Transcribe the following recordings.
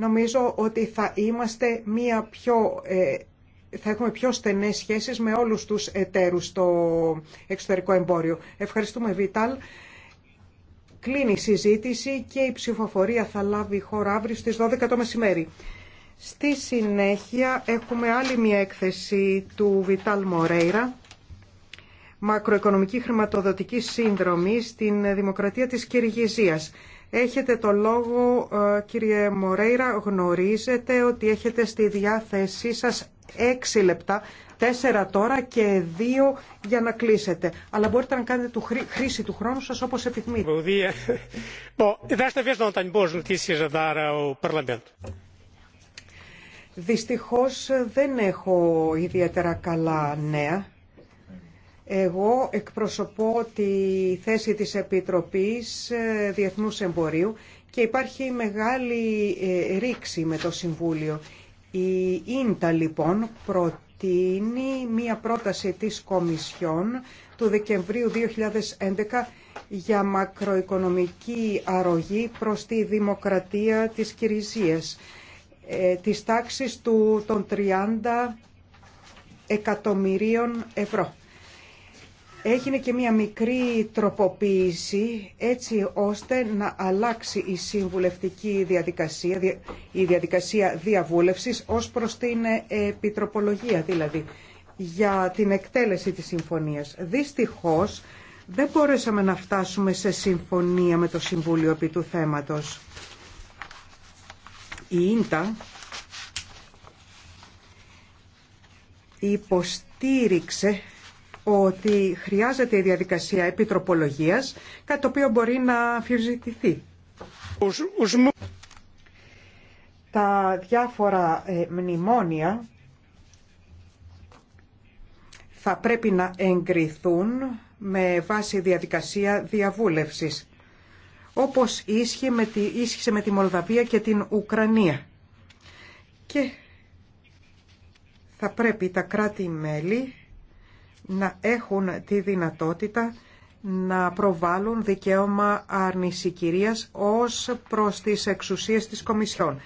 νομίζω ότι θα είμαστε μια πιο ε, θα έχουμε πιο στενές σχέσεις με όλους τους εταίρους στο εξωτερικό εμπόριο. Ευχαριστούμε Βίταλ. Κλείνει η συζήτηση και η ψηφοφορία θα λάβει η χώρα αύριο στις 12 το μεσημέρι. Στη συνέχεια έχουμε άλλη μια έκθεση του Βιτάλ Μορέιρα μακροοικονομική χρηματοδοτική σύνδρομη στην Δημοκρατία της Κυργιζίας. Έχετε το λόγο, ε, κύριε Μορέιρα. Γνωρίζετε ότι έχετε στη διάθεσή σας έξι λεπτά, τέσσερα τώρα και δύο για να κλείσετε. Αλλά μπορείτε να κάνετε του χρή... χρήση του χρόνου σας όπως επιθυμείτε. Δυστυχώς δεν έχω ιδιαίτερα καλά νέα. Εγώ εκπροσωπώ τη θέση της Επιτροπής ε, Διεθνούς Εμπορίου και υπάρχει μεγάλη ε, ρήξη με το Συμβούλιο. Η Ίντα λοιπόν προτείνει μία πρόταση της Κομισιόν του Δεκεμβρίου 2011 για μακροοικονομική αρρωγή προς τη δημοκρατία της Κυριζίας ε, της τάξης του, των 30 εκατομμυρίων ευρώ έγινε και μία μικρή τροποποίηση έτσι ώστε να αλλάξει η συμβουλευτική διαδικασία, η διαδικασία διαβούλευσης ως προς την ε, επιτροπολογία δηλαδή για την εκτέλεση της συμφωνίας. Δυστυχώς δεν μπορέσαμε να φτάσουμε σε συμφωνία με το Συμβούλιο επί του θέματος. Η ίντα υποστήριξε ότι χρειάζεται η διαδικασία επιτροπολογίας, κάτι το οποίο μπορεί να αφιερζητηθεί. Τα διάφορα ε, μνημόνια θα πρέπει να εγκριθούν με βάση διαδικασία διαβούλευσης, όπως ίσχυε με τη, ίσχυσε με τη Μολδαβία και την Ουκρανία. Και θα πρέπει τα κράτη-μέλη να έχουν τη δυνατότητα να προβάλλουν δικαίωμα άρνηση κυρίας ως προς τις εξουσίες της Κομισιόν.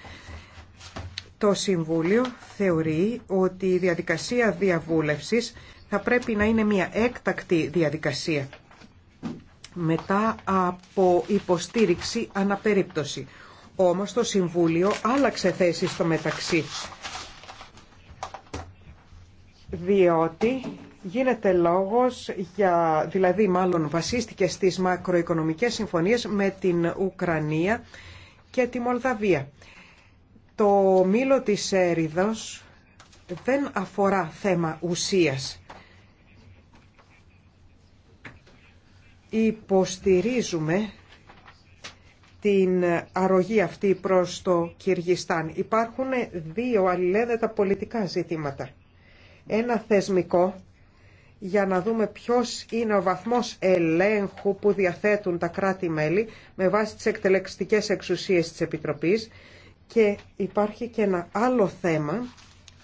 Το Συμβούλιο θεωρεί ότι η διαδικασία διαβούλευσης θα πρέπει να είναι μια έκτακτη διαδικασία μετά από υποστήριξη αναπερίπτωση. Όμως το Συμβούλιο άλλαξε θέση στο μεταξύ διότι Γίνεται λόγος για, δηλαδή μάλλον βασίστηκε στις μακροοικονομικές συμφωνίες με την Ουκρανία και τη Μολδαβία. Το μήλο της έριδος δεν αφορά θέμα ουσίας. Υποστηρίζουμε την αρρωγή αυτή προς το Κυργιστάν. Υπάρχουν δύο αλληλένδετα πολιτικά ζητήματα. Ένα θεσμικό για να δούμε ποιος είναι ο βαθμός ελέγχου που διαθέτουν τα κράτη-μέλη με βάση τις εκτελεστικές εξουσίες της Επιτροπής και υπάρχει και ένα άλλο θέμα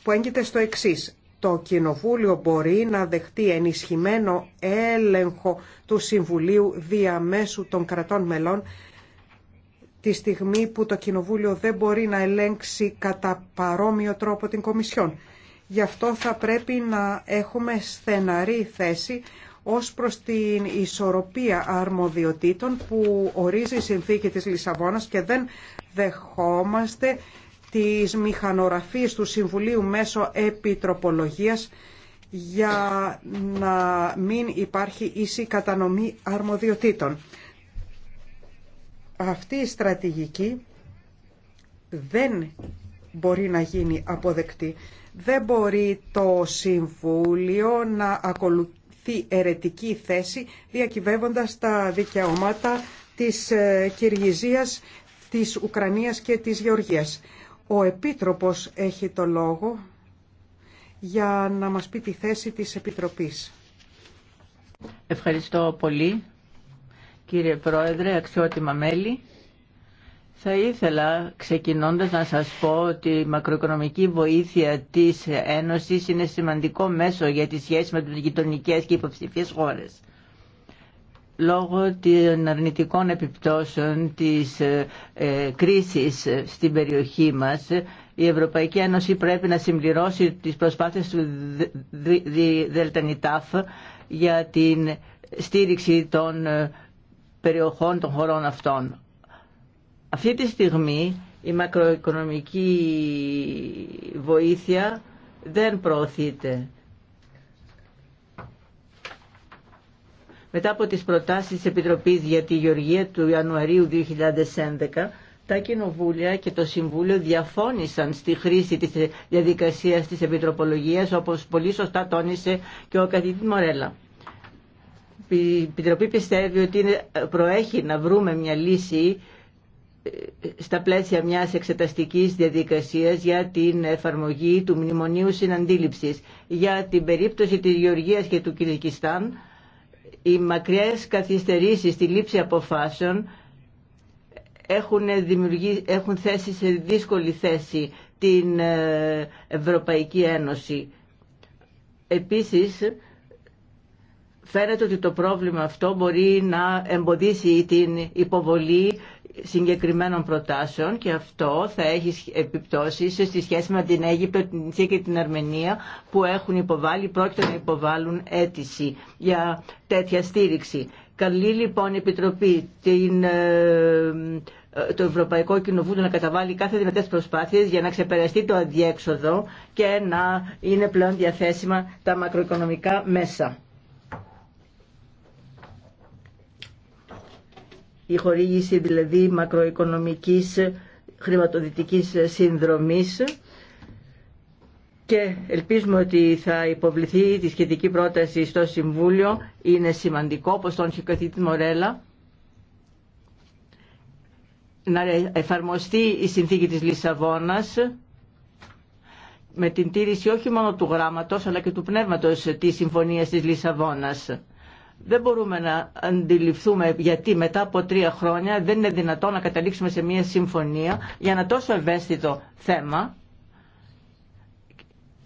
που έγκυται στο εξής. Το Κοινοβούλιο μπορεί να δεχτεί ενισχυμένο έλεγχο του Συμβουλίου διαμέσου των κρατών μελών τη στιγμή που το Κοινοβούλιο δεν μπορεί να ελέγξει κατά παρόμοιο τρόπο την Κομισιόν. Γι' αυτό θα πρέπει να έχουμε στεναρή θέση ως προς την ισορροπία αρμοδιοτήτων που ορίζει η συνθήκη της Λισαβόνας και δεν δεχόμαστε τις μηχανοραφίες του Συμβουλίου μέσω επιτροπολογίας για να μην υπάρχει ίση κατανομή αρμοδιοτήτων. Αυτή η στρατηγική δεν μπορεί να γίνει αποδεκτή. Δεν μπορεί το Συμβούλιο να ακολουθεί ερετική θέση διακυβεύοντας τα δικαιώματα της ε, Κυργιζίας, της Ουκρανίας και της Γεωργίας. Ο Επίτροπος έχει το λόγο για να μας πει τη θέση της Επιτροπής. Ευχαριστώ πολύ κύριε Πρόεδρε, αξιότιμα μέλη. Θα ήθελα ξεκινώντας να σας πω ότι η μακροοικονομική βοήθεια της Ένωσης είναι σημαντικό μέσο για τις σχέση με τις γειτονικέ και υποψηφίες χώρες. Λόγω των αρνητικών επιπτώσεων της ε, ε, κρίσης στην περιοχή μας, η Ευρωπαϊκή Ένωση πρέπει να συμπληρώσει τις προσπάθειες του ΔΕΛΤΑΝΙΤΑΦ για την στήριξη των ε, περιοχών των χωρών αυτών. Αυτή τη στιγμή η μακροοικονομική βοήθεια δεν προωθείται. Μετά από τις προτάσεις της Επιτροπής για τη Γεωργία του Ιανουαρίου 2011, τα Κοινοβούλια και το Συμβούλιο διαφώνησαν στη χρήση της διαδικασίας της Επιτροπολογίας, όπως πολύ σωστά τόνισε και ο καθηγητής Μορέλα. Η Επιτροπή πιστεύει ότι προέχει να βρούμε μια λύση στα πλαίσια μιας εξεταστικής διαδικασίας για την εφαρμογή του Μνημονίου Συναντήληψης. Για την περίπτωση της Γεωργίας και του Κυρικιστάν, οι μακριές καθυστερήσεις στη λήψη αποφάσεων έχουν, έχουν θέσει σε δύσκολη θέση την ε, Ευρωπαϊκή Ένωση. Επίσης, Φαίνεται ότι το πρόβλημα αυτό μπορεί να εμποδίσει την υποβολή συγκεκριμένων προτάσεων και αυτό θα έχει επιπτώσεις στη σχέση με την Αίγυπτο, την Ινσία και την Αρμενία που έχουν υποβάλει, πρόκειται να υποβάλουν αίτηση για τέτοια στήριξη. Καλή λοιπόν η Επιτροπή την, ε, ε, το Ευρωπαϊκό Κοινοβούλιο να καταβάλει κάθε δυνατές προσπάθειες για να ξεπεραστεί το αδιέξοδο και να είναι πλέον διαθέσιμα τα μακροοικονομικά μέσα. η χορήγηση δηλαδή μακροοικονομικής χρηματοδυτικής συνδρομής και ελπίζουμε ότι θα υποβληθεί τη σχετική πρόταση στο Συμβούλιο. Είναι σημαντικό, όπως τον είχε καθεί Μορέλα, να εφαρμοστεί η συνθήκη της Λισαβόνας με την τήρηση όχι μόνο του γράμματος αλλά και του πνεύματος της Συμφωνίας της Λισαβόνας δεν μπορούμε να αντιληφθούμε γιατί μετά από τρία χρόνια δεν είναι δυνατόν να καταλήξουμε σε μια συμφωνία για ένα τόσο ευαίσθητο θέμα.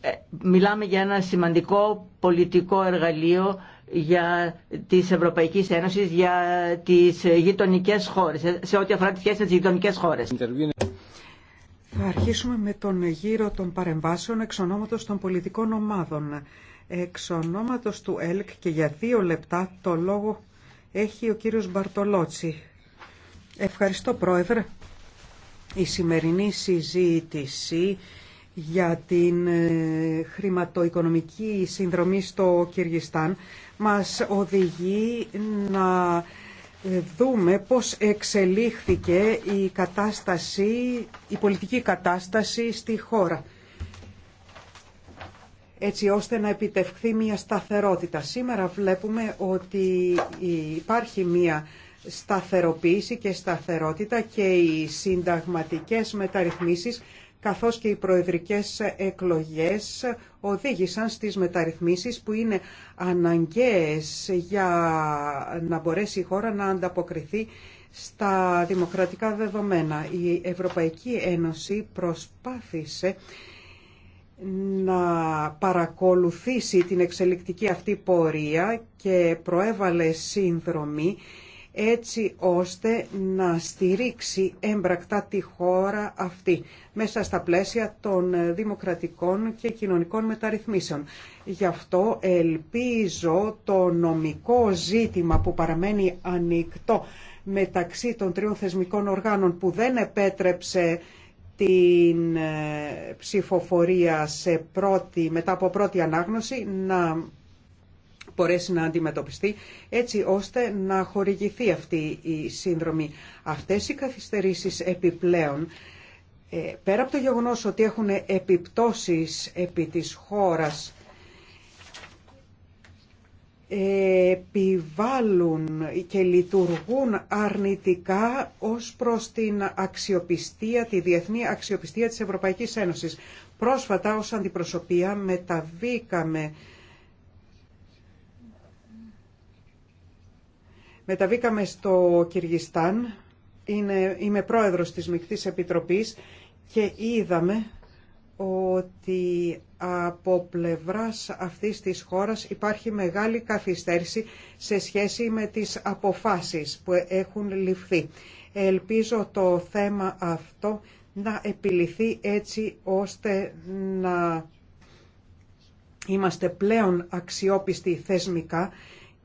Ε, μιλάμε για ένα σημαντικό πολιτικό εργαλείο για τις Ευρωπαϊκής Ένωσης για τις γειτονικές χώρες, σε ό,τι αφορά τις σχέσεις με τις γειτονικές χώρες. Θα αρχίσουμε με τον γύρο των παρεμβάσεων εξ των πολιτικών ομάδων. Εξ ονόματος του ΕΛΚ και για δύο λεπτά το λόγο έχει ο κύριος Μπαρτολότσι. Ευχαριστώ πρόεδρε. Η σημερινή συζήτηση για την ε, χρηματοοικονομική συνδρομή στο Κυργιστάν μας οδηγεί να δούμε πώς εξελίχθηκε η, κατάσταση, η πολιτική κατάσταση στη χώρα έτσι ώστε να επιτευχθεί μια σταθερότητα. Σήμερα βλέπουμε ότι υπάρχει μια σταθεροποίηση και σταθερότητα και οι συνταγματικές μεταρρυθμίσεις καθώς και οι προεδρικές εκλογές οδήγησαν στις μεταρρυθμίσεις που είναι αναγκαίες για να μπορέσει η χώρα να ανταποκριθεί στα δημοκρατικά δεδομένα. Η Ευρωπαϊκή Ένωση προσπάθησε να παρακολουθήσει την εξελικτική αυτή πορεία και προέβαλε σύνδρομη έτσι ώστε να στηρίξει έμπρακτα τη χώρα αυτή μέσα στα πλαίσια των δημοκρατικών και κοινωνικών μεταρρυθμίσεων. Γι' αυτό ελπίζω το νομικό ζήτημα που παραμένει ανοιχτό μεταξύ των τριών θεσμικών οργάνων που δεν επέτρεψε την ε, ψηφοφορία σε πρώτη, μετά από πρώτη ανάγνωση να μπορέσει να αντιμετωπιστεί έτσι ώστε να χορηγηθεί αυτή η σύνδρομη. Αυτές οι καθυστερήσεις επιπλέον ε, πέρα από το γεγονός ότι έχουν επιπτώσεις επί της χώρας επιβάλλουν και λειτουργούν αρνητικά ως προς την αξιοπιστία, τη διεθνή αξιοπιστία της Ευρωπαϊκής Ένωσης. Πρόσφατα ως αντιπροσωπεία μεταβήκαμε Μεταβήκαμε στο Κυργιστάν, Είναι, είμαι πρόεδρος της Μικτής Επιτροπής και είδαμε ότι από πλευράς αυτής της χώρας υπάρχει μεγάλη καθυστέρηση σε σχέση με τις αποφάσεις που έχουν ληφθεί. Ελπίζω το θέμα αυτό να επιληθεί έτσι ώστε να είμαστε πλέον αξιόπιστοι θεσμικά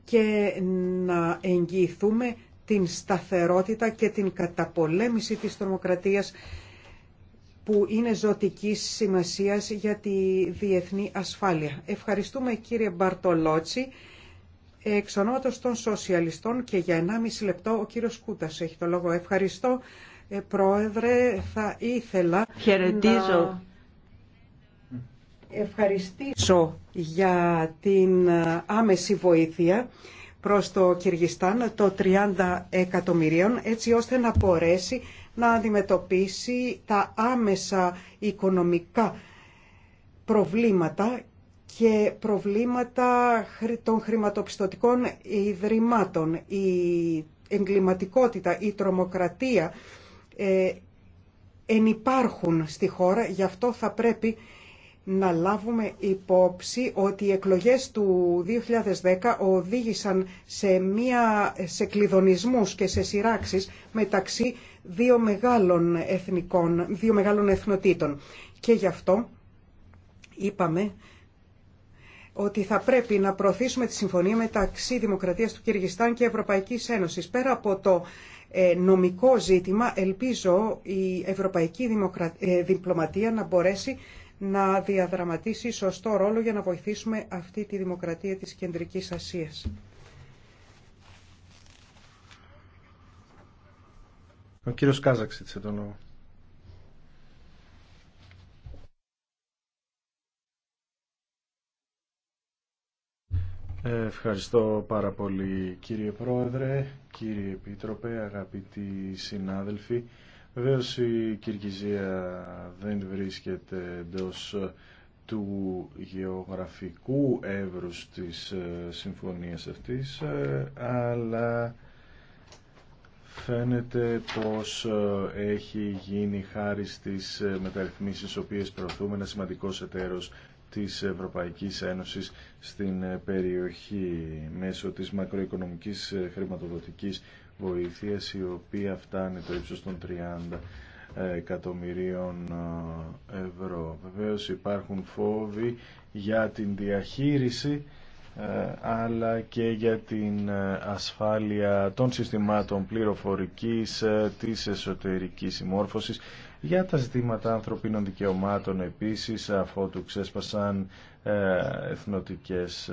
και να εγγυηθούμε την σταθερότητα και την καταπολέμηση της τρομοκρατίας που είναι ζωτικής σημασίας για τη διεθνή ασφάλεια. Ευχαριστούμε κύριε Μπαρτολότσι. Εξ ονόματος των σοσιαλιστών και για 1,5 λεπτό ο κύριος Κούτας έχει το λόγο. Ευχαριστώ ε, πρόεδρε. Θα ήθελα Χαιρετίζω. να ευχαριστήσω για την ε, άμεση βοήθεια προς το Κυργιστάν το 30 εκατομμυρίων έτσι ώστε να μπορέσει να αντιμετωπίσει τα άμεσα οικονομικά προβλήματα και προβλήματα των χρηματοπιστωτικών ιδρυμάτων. Η εγκληματικότητα, η τρομοκρατία ε, ενυπάρχουν στη χώρα, γι' αυτό θα πρέπει να λάβουμε υπόψη ότι οι εκλογές του 2010 οδήγησαν σε, μια, σε κλειδονισμούς και σε σειράξεις μεταξύ δύο μεγάλων εθνικών, δύο μεγάλων εθνοτήτων. Και γι' αυτό είπαμε ότι θα πρέπει να προωθήσουμε τη συμφωνία μεταξύ Δημοκρατίας του Κυργιστάν και Ευρωπαϊκής Ένωσης. Πέρα από το ε, νομικό ζήτημα, ελπίζω η Ευρωπαϊκή Δημοκρα... Ε, Διπλωματία να μπορέσει να διαδραματίσει σωστό ρόλο για να βοηθήσουμε αυτή τη δημοκρατία της Κεντρικής Ασίας. Ο κύριος Κάζαξιτ σε τον λόγο. Ευχαριστώ πάρα πολύ κύριε Πρόεδρε, κύριε Επίτροπε, αγαπητοί συνάδελφοι. Βεβαίως η Κυρκυζία δεν βρίσκεται εντό του γεωγραφικού εύρους της ε, συμφωνίας αυτής, ε, αλλά Φαίνεται πως ε, έχει γίνει χάρη στις ε, μεταρρυθμίσεις οποίες προωθούμε ένα σημαντικός εταίρος της Ευρωπαϊκής Ένωσης στην ε, περιοχή μέσω της μακροοικονομικής χρηματοδοτικής βοήθειας η οποία φτάνει το ύψος των 30 εκατομμυρίων ευρώ. Βεβαίως υπάρχουν φόβοι για την διαχείριση ε, αλλά και για την ε, ασφάλεια των συστημάτων πληροφορικής, ε, της εσωτερικής συμμόρφωσης, για τα ζητήματα ανθρωπίνων δικαιωμάτων επίσης, αφότου ξέσπασαν εθνοτικές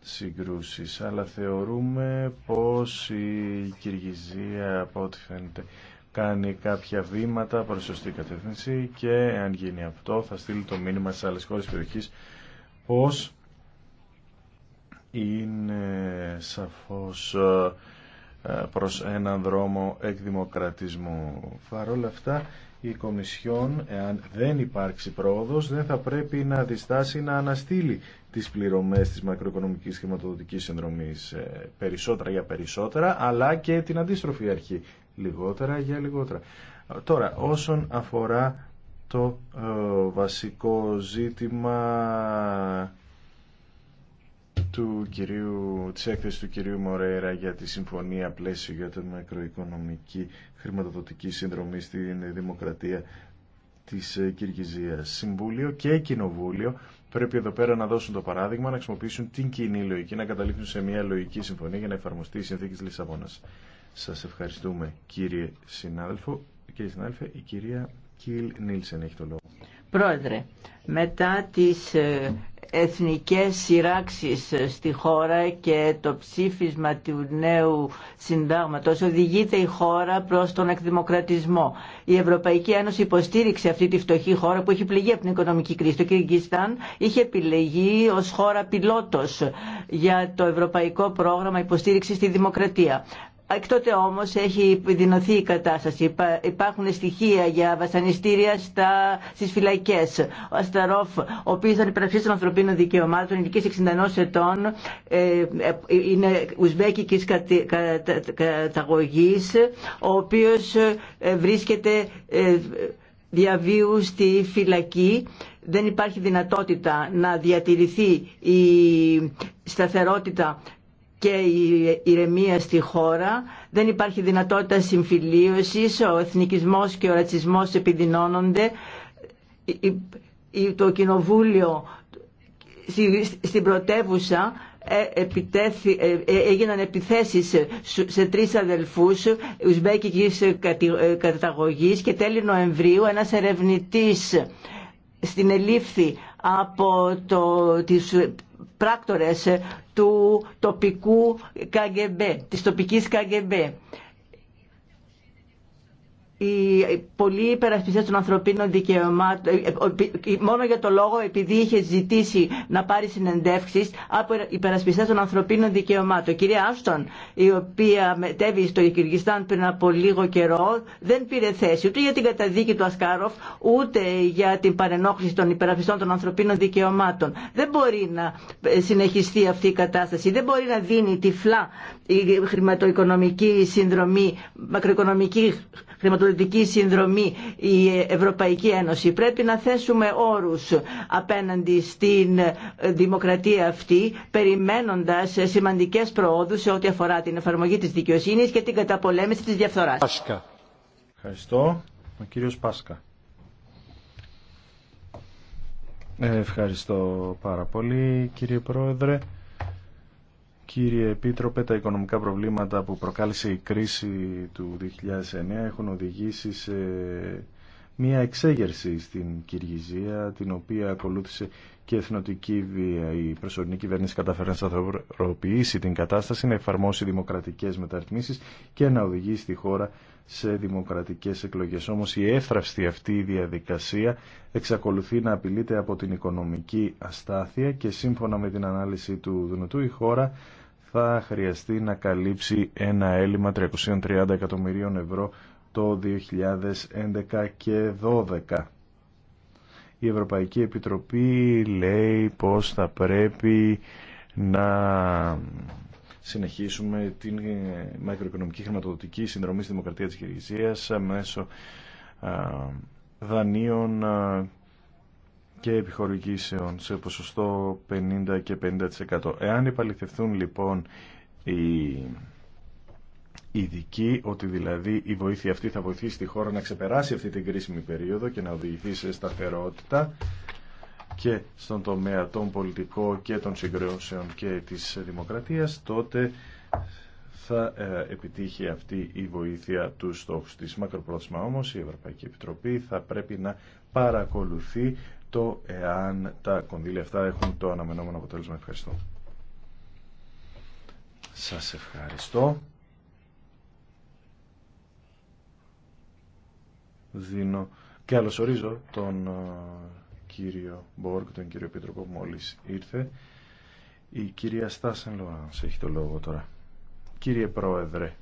συγκρούσεις. Αλλά θεωρούμε πως η Κυργιζία, από ό,τι φαίνεται, κάνει κάποια βήματα προς σωστή κατεύθυνση και αν γίνει αυτό θα στείλει το μήνυμα στις άλλες χώρες περιοχής πως είναι σαφώς ε, ε, προς έναν δρόμο εκδημοκρατισμού. Παρ' αυτά, η Κομισιόν, εάν δεν υπάρξει πρόοδος, δεν θα πρέπει να διστάσει να αναστείλει τις πληρωμές της μακροοικονομικής χρηματοδοτικής συνδρομής ε, περισσότερα για περισσότερα, αλλά και την αντίστροφη αρχή, λιγότερα για λιγότερα. Τώρα, όσον αφορά το βασικό ζήτημα του κυρίου, της έκθεσης του κυρίου Μορέρα για τη Συμφωνία Πλαίσιο για την Μακροοικονομική Χρηματοδοτική Συνδρομή στην Δημοκρατία της ε, Κυργιζίας. Συμβούλιο και Κοινοβούλιο πρέπει εδώ πέρα να δώσουν το παράδειγμα, να χρησιμοποιήσουν την κοινή λογική, να καταλήξουν σε μια λογική συμφωνία για να εφαρμοστεί η συνθήκη της Λισαβόνας. Σας ευχαριστούμε κύριε συνάδελφο. Κύριε συνάδελφε, η κυρία Κιλ Νίλσεν έχει το λόγο. Πρόεδρε, μετά τις ε, εθνικές σειράξεις στη χώρα και το ψήφισμα του νέου συντάγματος οδηγείται η χώρα προς τον εκδημοκρατισμό. Η Ευρωπαϊκή Ένωση υποστήριξε αυτή τη φτωχή χώρα που έχει πληγεί από την οικονομική κρίση. Το Κυργιστάν είχε επιλεγεί ως χώρα πιλότος για το Ευρωπαϊκό Πρόγραμμα Υποστήριξης στη Δημοκρατία τότε όμως έχει επιδεινωθεί η κατάσταση. Υπάρχουν στοιχεία για βασανιστήρια στα, στις φυλακές. Ο Ασταρόφ, ο οποίος ήταν υπεραξής των ανθρωπίνων δικαιωμάτων, 61 ετών, ε, ε, είναι ουσβέκικης καταγωγής, ο οποίος ε, βρίσκεται διαβίου στη φυλακή. Δεν υπάρχει δυνατότητα να διατηρηθεί η σταθερότητα και η ηρεμία στη χώρα, δεν υπάρχει δυνατότητα συμφιλίωσης, ο εθνικισμός και ο ρατσισμός επιδεινώνονται, το κοινοβούλιο στην πρωτεύουσα ε, ε, ε, έγιναν επιθέσεις σε τρεις αδελφούς ουσμπέκικης καταγωγής και τέλη Νοεμβρίου ένας ερευνητής στην ελήφθη από το, τις, πράκτορες του τοπικού KGB, της τοπικής KGB οι πολλοί υπερασπιστές των ανθρωπίνων δικαιωμάτων ε, ε, μόνο για το λόγο επειδή είχε ζητήσει να πάρει συνεντεύξεις από υπερασπιστές των ανθρωπίνων δικαιωμάτων. Κυρία Άστον, η οποία μετέβη στο Κυργιστάν πριν από λίγο καιρό, δεν πήρε θέση ούτε για την καταδίκη του Ασκάροφ, ούτε για την παρενόχληση των υπερασπιστών των ανθρωπίνων δικαιωμάτων. Δεν μπορεί να ε, συνεχιστεί αυτή η κατάσταση. Δεν μπορεί να δίνει τυφλά η χρηματοοικονομική συνδρομή, μακροοικονομική συνδρομή η Ευρωπαϊκή Ένωση. Πρέπει να θέσουμε όρους απέναντι στην δημοκρατία αυτή, περιμένοντας σημαντικές προόδους σε ό,τι αφορά την εφαρμογή της δικαιοσύνης και την καταπολέμηση της διαφθοράς. Πάσκα. Ευχαριστώ. Ο κύριος Πάσκα. Ε, ευχαριστώ πάρα πολύ κύριε Πρόεδρε. Κύριε Επίτροπε, τα οικονομικά προβλήματα που προκάλεσε η κρίση του 2009 έχουν οδηγήσει σε μια εξέγερση στην Κυργιζία, την οποία ακολούθησε και εθνοτική βία. Η προσωρινή κυβέρνηση κατάφερε να σταθεροποιήσει την κατάσταση, να εφαρμόσει δημοκρατικές μεταρρυθμίσεις και να οδηγήσει τη χώρα σε δημοκρατικές εκλογές. Όμως η εύθραυστη αυτή διαδικασία εξακολουθεί να απειλείται από την οικονομική αστάθεια και σύμφωνα με την ανάλυση του Δουνουτού η χώρα θα χρειαστεί να καλύψει ένα έλλειμμα 330 εκατομμυρίων ευρώ το 2011 και 2012. Η Ευρωπαϊκή Επιτροπή λέει πως θα πρέπει να συνεχίσουμε την μακροοικονομική χρηματοδοτική συνδρομή στη Δημοκρατία της Κυριγησίας μέσω δανείων και επιχορηγήσεων σε ποσοστό 50 και 50%. Εάν επαληθευτούν λοιπόν οι ειδικοί ότι δηλαδή η βοήθεια αυτή θα βοηθήσει τη χώρα να ξεπεράσει αυτή την κρίσιμη περίοδο και να οδηγηθεί σε σταθερότητα και στον τομέα των πολιτικών και των συγκρεώσεων και της δημοκρατίας, τότε θα ε, επιτύχει αυτή η βοήθεια του στόχου της. Μακροπρόθεσμα όμως η Ευρωπαϊκή Επιτροπή θα πρέπει να παρακολουθεί το εάν τα κονδύλια αυτά έχουν το αναμενόμενο αποτέλεσμα. Ευχαριστώ. Σας ευχαριστώ. Δίνω και καλωσορίζω τον ε, κύριο Μπόρκ, τον κύριο Επίτροπο που μόλις ήρθε. Η κυρία Στάσεν Λοάνς έχει το λόγο τώρα. Κύριε Πρόεδρε,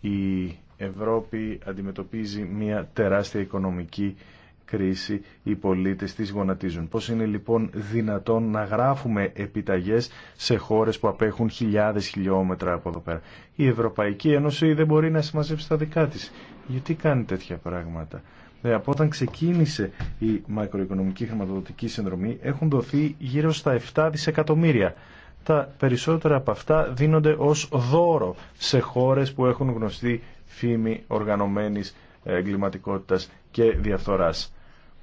η Ευρώπη αντιμετωπίζει μια τεράστια οικονομική κρίση οι πολίτες τις γονατίζουν. Πώς είναι λοιπόν δυνατόν να γράφουμε επιταγές σε χώρες που απέχουν χιλιάδες χιλιόμετρα από εδώ πέρα. Η Ευρωπαϊκή Ένωση δεν μπορεί να συμμαζέψει τα δικά της. Γιατί κάνει τέτοια πράγματα. Ε, από όταν ξεκίνησε η μακροοικονομική χρηματοδοτική συνδρομή έχουν δοθεί γύρω στα 7 δισεκατομμύρια. Τα περισσότερα από αυτά δίνονται ως δώρο σε χώρες που έχουν γνωστή φήμη οργανωμένης εγκληματικότητας και διαφθοράς.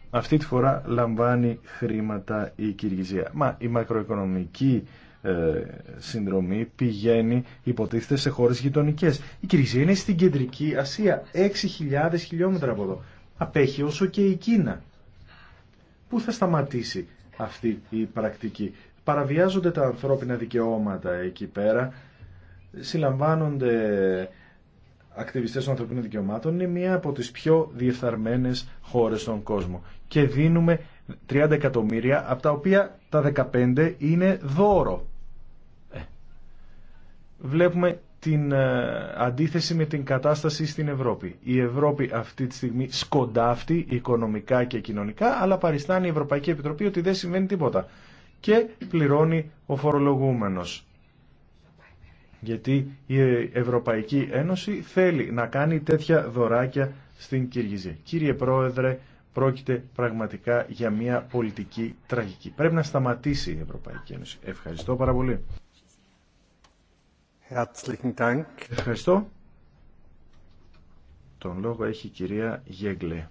Αυτή τη φορά λαμβάνει χρήματα η Κυργυζία. Μα η μακροοικονομική ε, συνδρομή πηγαίνει υποτίθεται σε χώρες γειτονικές. Η Κυργυζία είναι στην κεντρική Ασία, 6.000 χιλιόμετρα από εδώ. Απέχει όσο και η Κίνα. Πού θα σταματήσει αυτή η πρακτική. Παραβιάζονται τα ανθρώπινα δικαιώματα εκεί πέρα, συλλαμβάνονται ακτιβιστές των ανθρωπίνων δικαιωμάτων είναι μία από τις πιο διεφθαρμένες χώρες στον κόσμο. Και δίνουμε 30 εκατομμύρια, από τα οποία τα 15 είναι δώρο. Ε. Βλέπουμε την ε, αντίθεση με την κατάσταση στην Ευρώπη. Η Ευρώπη αυτή τη στιγμή σκοντάφτει οικονομικά και κοινωνικά, αλλά παριστάνει η Ευρωπαϊκή Επιτροπή ότι δεν συμβαίνει τίποτα. Και πληρώνει ο φορολογούμενος γιατί η Ευρωπαϊκή Ένωση θέλει να κάνει τέτοια δωράκια στην Κυργιζή. Κύριε Πρόεδρε, πρόκειται πραγματικά για μια πολιτική τραγική. Πρέπει να σταματήσει η Ευρωπαϊκή Ένωση. Ευχαριστώ πάρα πολύ. Ευχαριστώ. Τον λόγο έχει η κυρία Γέγκλε.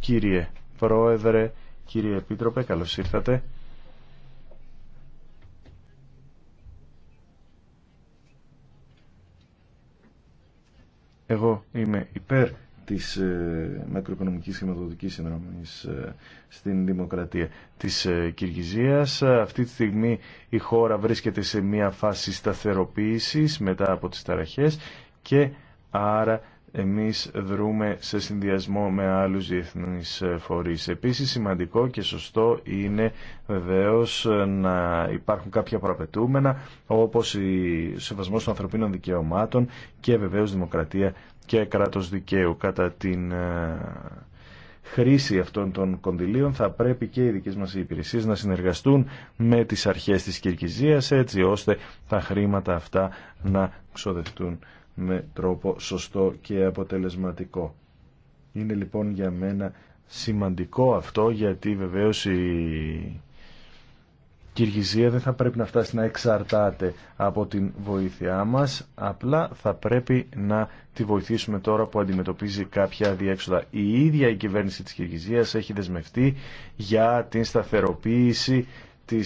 Κύριε Πρόεδρε, κύριε Επίτροπε, καλώς ήρθατε. Εγώ είμαι υπέρ της ε, μακροοικονομικής χρηματοδοτικής συνδρομής ε, στην δημοκρατία της ε, ε, Αυτή τη στιγμή η χώρα βρίσκεται σε μια φάση σταθεροποίησης μετά από τις ταραχές και άρα εμείς δρούμε σε συνδυασμό με άλλους διεθνείς ε, φορείς. Επίσης σημαντικό και σωστό είναι βεβαίως ε, να υπάρχουν κάποια προαπαιτούμενα όπως η σεβασμός των ανθρωπίνων δικαιωμάτων και βεβαίως δημοκρατία και κράτος δικαίου. Κατά την ε, χρήση αυτών των κονδυλίων θα πρέπει και οι δικές μας υπηρεσίες να συνεργαστούν με τις αρχές της Κυρκυζίας έτσι ώστε τα χρήματα αυτά να ξοδευτούν με τρόπο σωστό και αποτελεσματικό. Είναι λοιπόν για μένα σημαντικό αυτό γιατί βεβαίως η Κυργυζία δεν θα πρέπει να φτάσει να εξαρτάται από την βοήθειά μας, απλά θα πρέπει να τη βοηθήσουμε τώρα που αντιμετωπίζει κάποια διέξοδα. Η ίδια η κυβέρνηση της Κυργυζίας έχει δεσμευτεί για την σταθεροποίηση ε,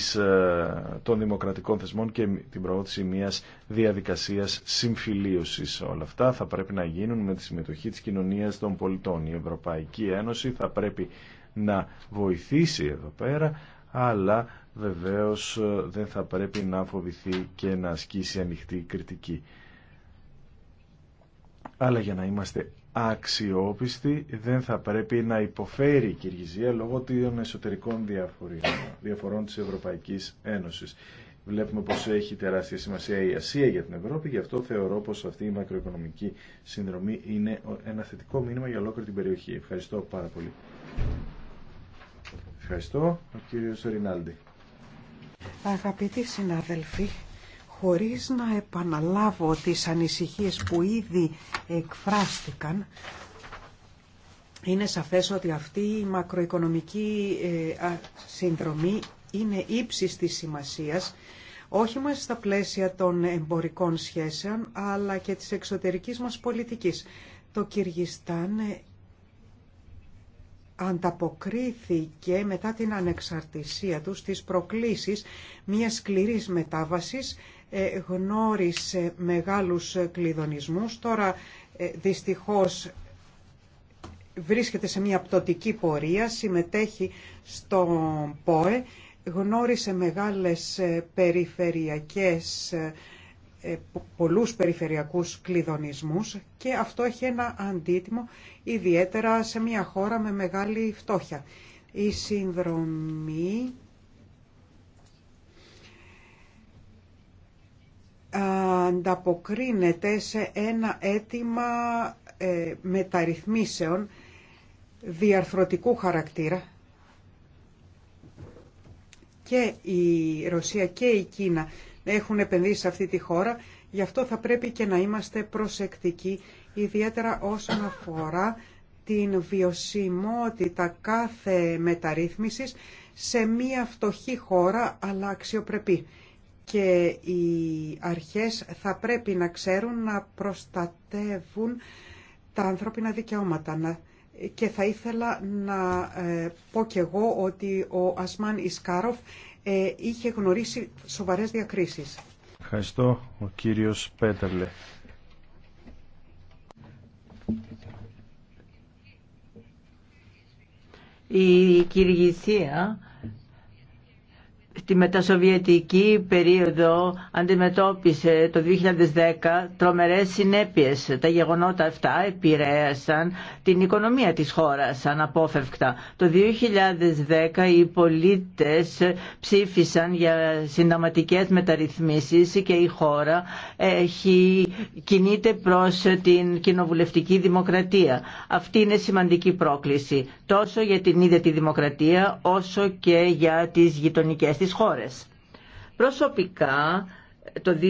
των δημοκρατικών θεσμών και την προώθηση μιας διαδικασίας συμφιλίωσης. Όλα αυτά θα πρέπει να γίνουν με τη συμμετοχή της κοινωνίας των πολιτών. Η Ευρωπαϊκή Ένωση θα πρέπει να βοηθήσει εδώ πέρα, αλλά βεβαίως ε, δεν θα πρέπει να φοβηθεί και να ασκήσει ανοιχτή κριτική. Αλλά για να είμαστε αξιόπιστη δεν θα πρέπει να υποφέρει η Κυργυζία λόγω των εσωτερικών διαφορών της Ευρωπαϊκής Ένωσης. Βλέπουμε πως έχει τεράστια σημασία η Ασία για την Ευρώπη, γι' αυτό θεωρώ πως αυτή η μακροοικονομική συνδρομή είναι ένα θετικό μήνυμα για ολόκληρη την περιοχή. Ευχαριστώ πάρα πολύ. Ευχαριστώ, ο κύριος Ρινάλντι. Αγαπητοί συνάδελφοι, Χωρίς να επαναλάβω τις ανησυχίες που ήδη εκφράστηκαν, είναι σαφές ότι αυτή η μακροοικονομική ε, συνδρομή είναι ύψης της σημασίας, όχι μας στα πλαίσια των εμπορικών σχέσεων, αλλά και της εξωτερικής μας πολιτικής. Το Κυργιστάν ε, ανταποκρίθηκε μετά την ανεξαρτησία του στις προκλήσεις μιας σκληρής μετάβασης ε, γνώρισε μεγάλους κλειδονισμούς. Τώρα ε, δυστυχώς βρίσκεται σε μια πτωτική πορεία, συμμετέχει στον ΠΟΕ, γνώρισε μεγάλες ε, περιφερειακές πολλούς περιφερειακούς κλειδονισμούς και αυτό έχει ένα αντίτιμο ιδιαίτερα σε μια χώρα με μεγάλη φτώχεια. Η συνδρομή ανταποκρίνεται σε ένα αίτημα ε, μεταρρυθμίσεων διαρθρωτικού χαρακτήρα και η Ρωσία και η Κίνα έχουν επενδύσει σε αυτή τη χώρα, γι' αυτό θα πρέπει και να είμαστε προσεκτικοί, ιδιαίτερα όσον αφορά την βιωσιμότητα κάθε μεταρρύθμισης σε μία φτωχή χώρα αλλά αξιοπρεπή και οι αρχές θα πρέπει να ξέρουν να προστατεύουν τα ανθρώπινα δικαιώματα. Και θα ήθελα να ε, πω και εγώ ότι ο Ασμάν Ισκάροφ ε, είχε γνωρίσει σοβαρές διακρίσεις. Ευχαριστώ ο κύριος Πέτερλε. Η κυριγησία τη μετασοβιετική περίοδο αντιμετώπισε το 2010 τρομερές συνέπειες. Τα γεγονότα αυτά επηρέασαν την οικονομία της χώρας αναπόφευκτα. Το 2010 οι πολίτες ψήφισαν για συνταματικές μεταρρυθμίσεις και η χώρα έχει, κινείται προς την κοινοβουλευτική δημοκρατία. Αυτή είναι σημαντική πρόκληση τόσο για την ίδια τη δημοκρατία όσο και για τις γειτονικές της τις χώρες. Προσωπικά το 2010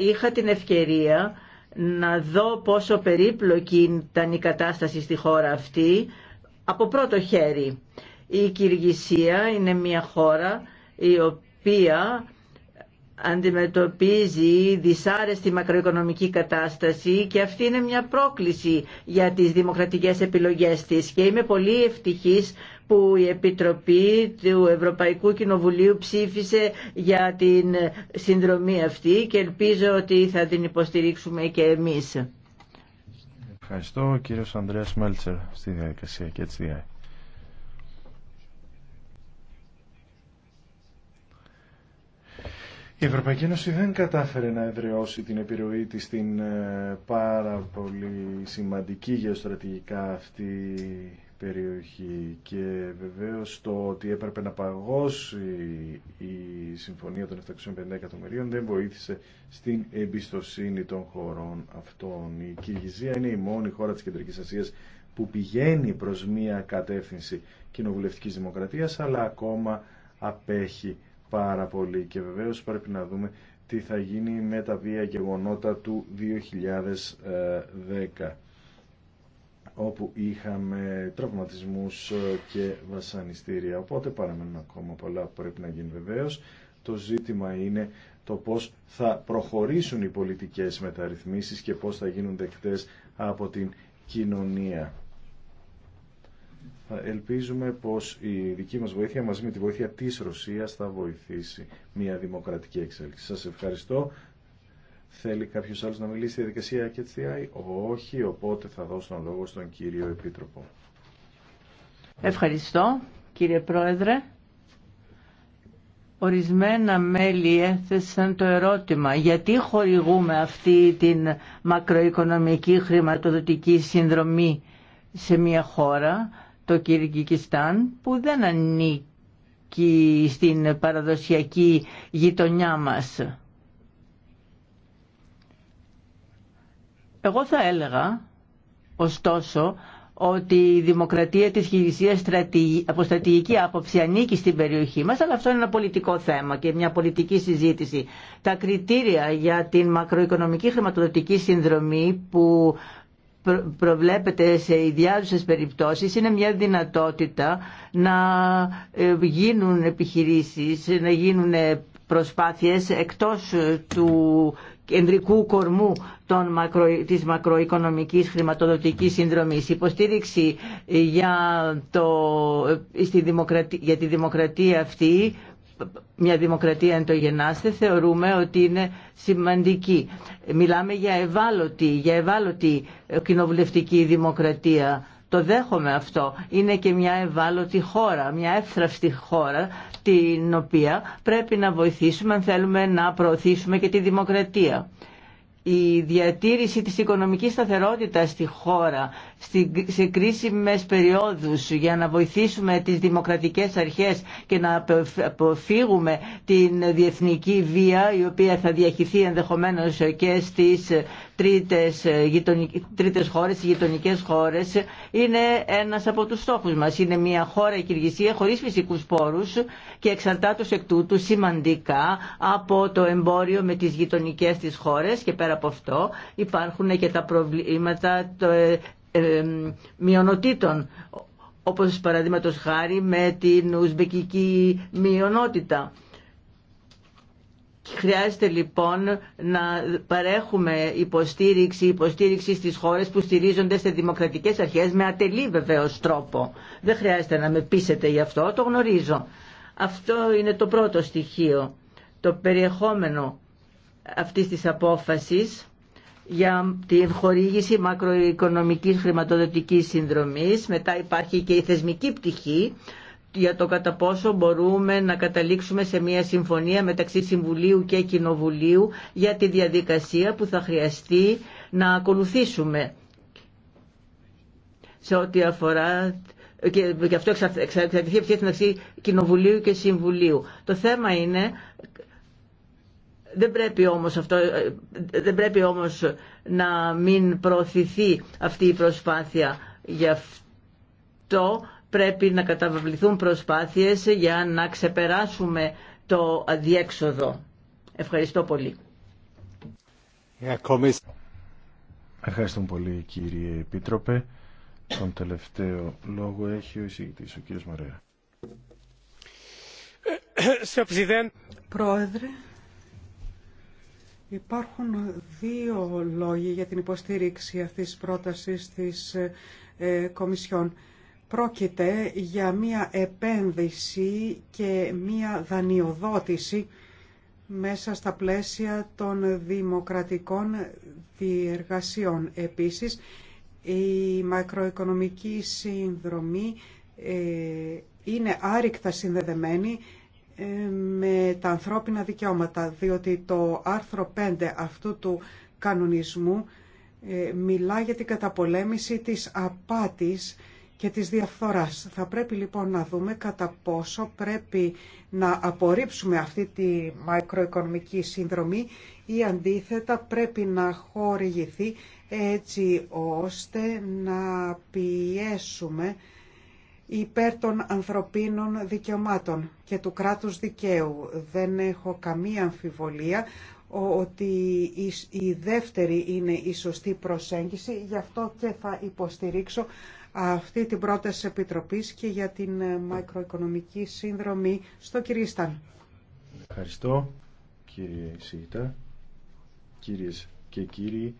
είχα την ευκαιρία να δω πόσο περίπλοκη ήταν η κατάσταση στη χώρα αυτή από πρώτο χέρι. Η Κυργυσία είναι μια χώρα η οποία αντιμετωπίζει δυσάρεστη μακροοικονομική κατάσταση και αυτή είναι μια πρόκληση για τις δημοκρατικές επιλογές της και είμαι πολύ ευτυχής που η Επιτροπή του Ευρωπαϊκού Κοινοβουλίου ψήφισε για την συνδρομή αυτή και ελπίζω ότι θα την υποστηρίξουμε και εμείς. Ευχαριστώ κύριος Ανδρέας Μέλτσερ στη διαδικασία και Η Ευρωπαϊκή Ένωση δεν κατάφερε να εδραιώσει την επιρροή της στην ε, πάρα πολύ σημαντική γεωστρατηγικά αυτή περιοχή και βεβαίως το ότι έπρεπε να παγώσει η Συμφωνία των 750 εκατομμυρίων δεν βοήθησε στην εμπιστοσύνη των χωρών αυτών. Η Κυργυζία είναι η μόνη χώρα της Κεντρικής Ασίας που πηγαίνει προς μία κατεύθυνση κοινοβουλευτικής δημοκρατίας αλλά ακόμα απέχει πάρα πολύ και βεβαίως πρέπει να δούμε τι θα γίνει με τα βία γεγονότα του 2010 όπου είχαμε τραυματισμούς και βασανιστήρια. Οπότε παραμένουν ακόμα πολλά που πρέπει να γίνει βεβαίως. Το ζήτημα είναι το πώς θα προχωρήσουν οι πολιτικές μεταρρυθμίσεις και πώς θα γίνουν δεκτές από την κοινωνία. Ελπίζουμε πως η δική μας βοήθεια μαζί με τη βοήθεια της Ρωσίας θα βοηθήσει μια δημοκρατική εξέλιξη. Σας ευχαριστώ. Θέλει κάποιος άλλος να μιλήσει στη δικασία και Όχι, οπότε θα δώσω τον λόγο στον κύριο Επίτροπο. Ευχαριστώ κύριε Πρόεδρε. Ορισμένα μέλη έθεσαν το ερώτημα γιατί χορηγούμε αυτή την μακροοικονομική χρηματοδοτική συνδρομή σε μια χώρα το Κυρικικιστάν που δεν ανήκει στην παραδοσιακή γειτονιά μας. Εγώ θα έλεγα, ωστόσο, ότι η δημοκρατία της Χιλισίας από στρατηγική άποψη ανήκει στην περιοχή μας, αλλά αυτό είναι ένα πολιτικό θέμα και μια πολιτική συζήτηση. Τα κριτήρια για την μακροοικονομική χρηματοδοτική συνδρομή που προβλέπεται σε ιδιάζουσες περιπτώσεις είναι μια δυνατότητα να ε, γίνουν επιχειρήσεις, να γίνουν προσπάθειες εκτός του κεντρικού κορμού των μακρο, της μακροοικονομικής χρηματοδοτικής συνδρομής. Υποστήριξη για, το, ε, στη δημοκρατία, για τη δημοκρατία αυτή μια δημοκρατία εν το γεννάστε θεωρούμε ότι είναι σημαντική. Μιλάμε για ευάλωτη, για ευάλωτη ε, κοινοβουλευτική δημοκρατία. Το δέχομαι αυτό. Είναι και μια ευάλωτη χώρα, μια εύθραυστη χώρα την οποία πρέπει να βοηθήσουμε αν θέλουμε να προωθήσουμε και τη δημοκρατία. Η διατήρηση της οικονομικής σταθερότητας στη χώρα σε κρίσιμες περιόδους για να βοηθήσουμε τις δημοκρατικές αρχές και να αποφύγουμε την διεθνική βία η οποία θα διαχυθεί ενδεχομένως και στις τρίτες, ε, τρίτες χώρες, γειτονικές χώρες είναι ένας από τους στόχους μας. Είναι μια χώρα η Κυργυσία χωρίς φυσικούς πόρους και εξαρτάται εκ τούτου σημαντικά από το εμπόριο με τις γειτονικές της χώρες και πέρα από αυτό υπάρχουν και τα προβλήματα ε, μειονοτήτων όπως παραδείγματο χάρη με την ουσμπεκική μειονότητα. Χρειάζεται λοιπόν να παρέχουμε υποστήριξη, υποστήριξη στις χώρες που στηρίζονται σε δημοκρατικές αρχές με ατελή βεβαίω τρόπο. Δεν χρειάζεται να με πείσετε γι' αυτό, το γνωρίζω. Αυτό είναι το πρώτο στοιχείο. Το περιεχόμενο αυτής της απόφασης για την χορήγηση μακροοικονομικής χρηματοδοτικής συνδρομής. Μετά υπάρχει και η θεσμική πτυχή για το κατά πόσο μπορούμε να καταλήξουμε σε μια συμφωνία μεταξύ Συμβουλίου και Κοινοβουλίου για τη διαδικασία που θα χρειαστεί να ακολουθήσουμε σε ό,τι αφορά και γι' αυτό εξαρτηθεί η ευθύνη μεταξύ Κοινοβουλίου και Συμβουλίου. Το θέμα είναι δεν πρέπει, όμως αυτό, ε, όμως να μην προωθηθεί αυτή η προσπάθεια. Γι' αυτό πρέπει να καταβληθούν προσπάθειες για να ξεπεράσουμε το αδιέξοδο. Ευχαριστώ πολύ. Ευχαριστούμε πολύ κύριε Επίτροπε. Τον τελευταίο λόγο έχει ο εισηγητής, ο κύριος Μαρέα. Ε, ε, Πρόεδρε, Υπάρχουν δύο λόγοι για την υποστήριξη αυτής της πρότασης της ε, Κομισιόν. Πρόκειται για μία επένδυση και μία δανειοδότηση μέσα στα πλαίσια των δημοκρατικών διεργασιών. Επίσης, η μακροοικονομική συνδρομή ε, είναι άρρηκτα συνδεδεμένη ε, με τα ανθρώπινα δικαιώματα, διότι το άρθρο 5 αυτού του κανονισμού ε, μιλά για την καταπολέμηση της απάτης και της διαφθοράς. Θα πρέπει λοιπόν να δούμε κατά πόσο πρέπει να απορρίψουμε αυτή τη μακροοικονομική σύνδρομη ή αντίθετα πρέπει να χορηγηθεί έτσι ώστε να πιέσουμε υπέρ των ανθρωπίνων δικαιωμάτων και του κράτους δικαίου. Δεν έχω καμία αμφιβολία ότι η δεύτερη είναι η σωστή προσέγγιση, γι' αυτό και θα υποστηρίξω αυτή την πρόταση Επιτροπής και για την ε, μακροοικονομική σύνδρομη στο Κυρίσταν. Ευχαριστώ κύριε Σίγητα, κύριες και κύριοι.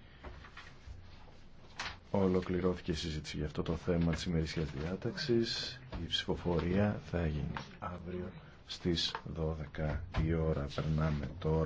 Ολοκληρώθηκε η συζήτηση για αυτό το θέμα της ημερήσιας διάταξης. Η ψηφοφορία θα γίνει αύριο στις 12 η ώρα. Περνάμε τώρα.